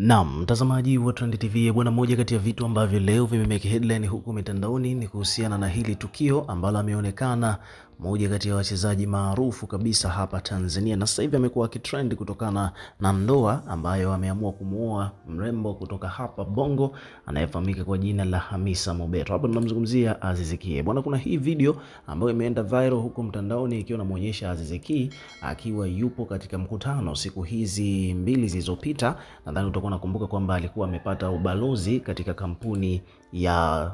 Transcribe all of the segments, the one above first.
Naam, mtazamaji wa Trend TV, bwana, moja kati ya vitu ambavyo leo vimemake headline huko mitandaoni ni kuhusiana na hili tukio ambalo ameonekana moja kati ya wachezaji maarufu kabisa hapa Tanzania na sasa hivi amekuwa akitrend kutokana na ndoa ambayo ameamua kumuoa mrembo kutoka hapa Bongo anayefahamika kwa jina la Hamisa Mobeto. Hapo tunamzungumzia Aziziki. Bwana, kuna hii video ambayo imeenda viral huko mtandaoni ikiwa inamuonyesha Aziziki akiwa yupo katika mkutano siku hizi mbili zilizopita. Nadhani utakuwa nakumbuka kwamba alikuwa amepata ubalozi katika kampuni ya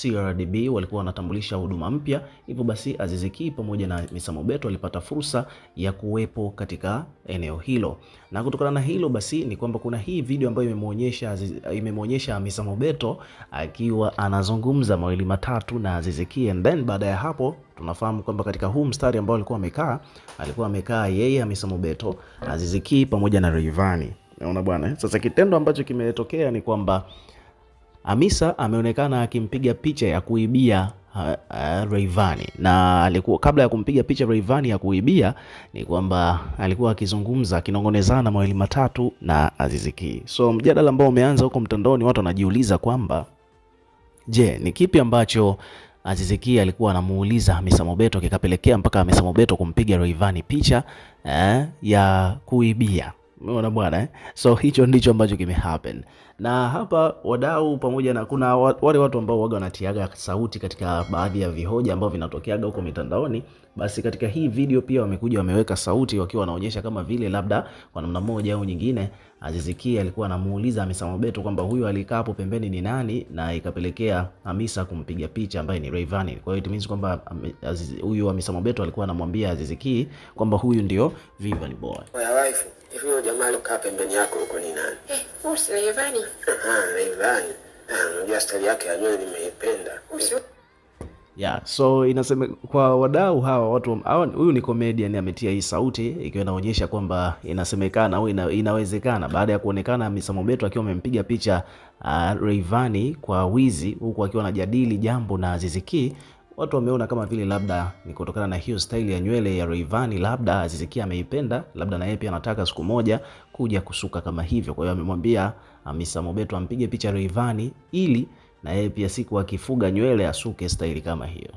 CRDB walikuwa wanatambulisha huduma mpya, hivyo basi Azizi Ki pamoja na Misa Mobeto walipata fursa ya kuwepo katika eneo hilo, na kutokana na hilo basi ni kwamba kuna hii video ambayo imemwonyesha imemwonyesha Misa Mobeto akiwa anazungumza mawili matatu na Azizi Ki, and then baada ya hapo tunafahamu kwamba katika huu mstari ambao alikuwa amekaa alikuwa amekaa yeye Hamisa Mobeto, Azizi Ki pamoja na Rayvanny. Unaona bwana, eh? sasa kitendo ambacho kimetokea ni kwamba Hamisa ameonekana akimpiga picha ya kuibia Rayvanny na alikuwa kabla ya kumpiga picha Rayvanny ya kuibia, ni kwamba alikuwa akizungumza akinongonezana mawili matatu na Aziziki. So mjadala ambao umeanza huko mtandaoni, watu wanajiuliza kwamba je, ni kipi ambacho Aziziki alikuwa anamuuliza Hamisa Mobeto kikapelekea mpaka Hamisa Mobeto kumpiga Rayvanny picha eh, ya kuibia. Umeona bwana eh? So hicho ndicho ambacho happen. na hapa wadau pamoja na kuna wale watu ambao waga wanatiaga sauti katika baadhi ya vihoja ambao vinatokeaga huko mitandaoni basi katika hii video pia wamekuja wameweka sauti wakiwa wanaonyesha kama vile labda kwa namna moja au nyingine Aziz Ki alikuwa anamuuliza Hamisa Mobeto kwamba huyu alikaa hapo pembeni ni nani, na ikapelekea Hamisa kumpiga picha ambaye ni Rayvanny. Kwa hiyo it means kwamba huyu Hamisa Mobeto alikuwa anamwambia Aziz Ki kwamba huyu ndio Vivian Boy. Oya wife, hivi huyo jamaa alikaa pembeni yako huko ni nani? Eh, Rayvanny. Aha, Rayvanny. Ah, unajua stori yake ya nywele nimeipenda yeah. So inasema kwa wadau hawa watu huyu ni comedian ametia hii sauti ikiwa inaonyesha kwamba inasemekana au ina, inawezekana baada ya kuonekana Hamisa Mobeto akiwa amempiga picha uh, Rayvanny kwa wizi huku akiwa anajadili jambo na Azizi Ki watu wameona kama vile labda ni kutokana na hiyo style ya nywele ya Rayvanny, labda Azizi Ki ameipenda, labda na yeye pia anataka siku moja kuja kusuka kama hivyo. Kwa hiyo amemwambia Hamisa uh, Mobeto ampige picha Rayvanny ili na yeye pia siku akifuga nywele asuke staili kama hiyo.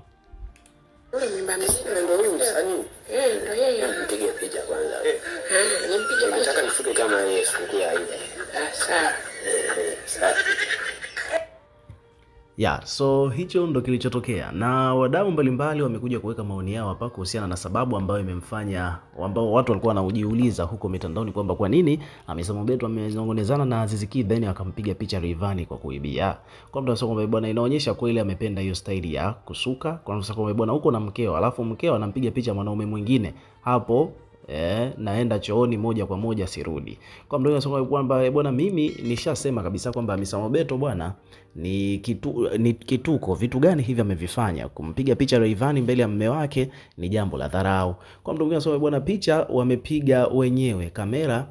Ya, so hicho ndo kilichotokea na wadau mbalimbali wamekuja kuweka maoni yao hapa kuhusiana na sababu ambayo imemfanya ambao watu walikuwa wanajiuliza huko mitandaoni kwamba kwa nini amesema Mobeto amenongonezana na Azizi Ki then akampiga picha Rayvanny kwa kuibia. Kwa mtu anasema kwamba bwana, inaonyesha kweli amependa hiyo staili ya kusuka. Kwa mtu anasema kwamba bwana, huko na mkeo, alafu mkeo anampiga picha mwanaume mwingine hapo eh, naenda chooni moja kwa moja sirudi. Kwa mdogo anasema kwamba eh, bwana, mimi nishasema kabisa kwamba Hamisa Mobeto bwana ni, kitu, ni kituko. Vitu gani hivi amevifanya? Kumpiga picha Rayvanny mbele ya mme wake ni jambo la dharau. Kwa mdogo anasema bwana, picha wamepiga wenyewe kamera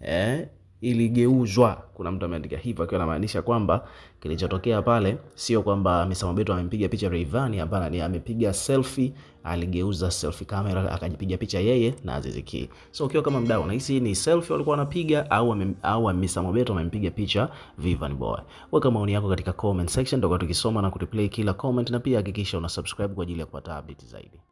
eh, iligeuzwa. Kuna mtu ameandika hivyo akiwa anamaanisha kwamba kilichotokea pale sio kwamba Mr. Mobeto amempiga picha Rayvanny, hapana, ni amepiga selfie, aligeuza selfie camera akajipiga picha yeye na Azizi Ki. So ukiwa kama mdau, unahisi ni selfie walikuwa wanapiga au au Mr. Mobeto amempiga picha Vanny Boy? Weka maoni yako katika comment section, tutakuwa tukisoma na kureply kila comment, na pia hakikisha una subscribe kwa ajili ya kupata update zaidi.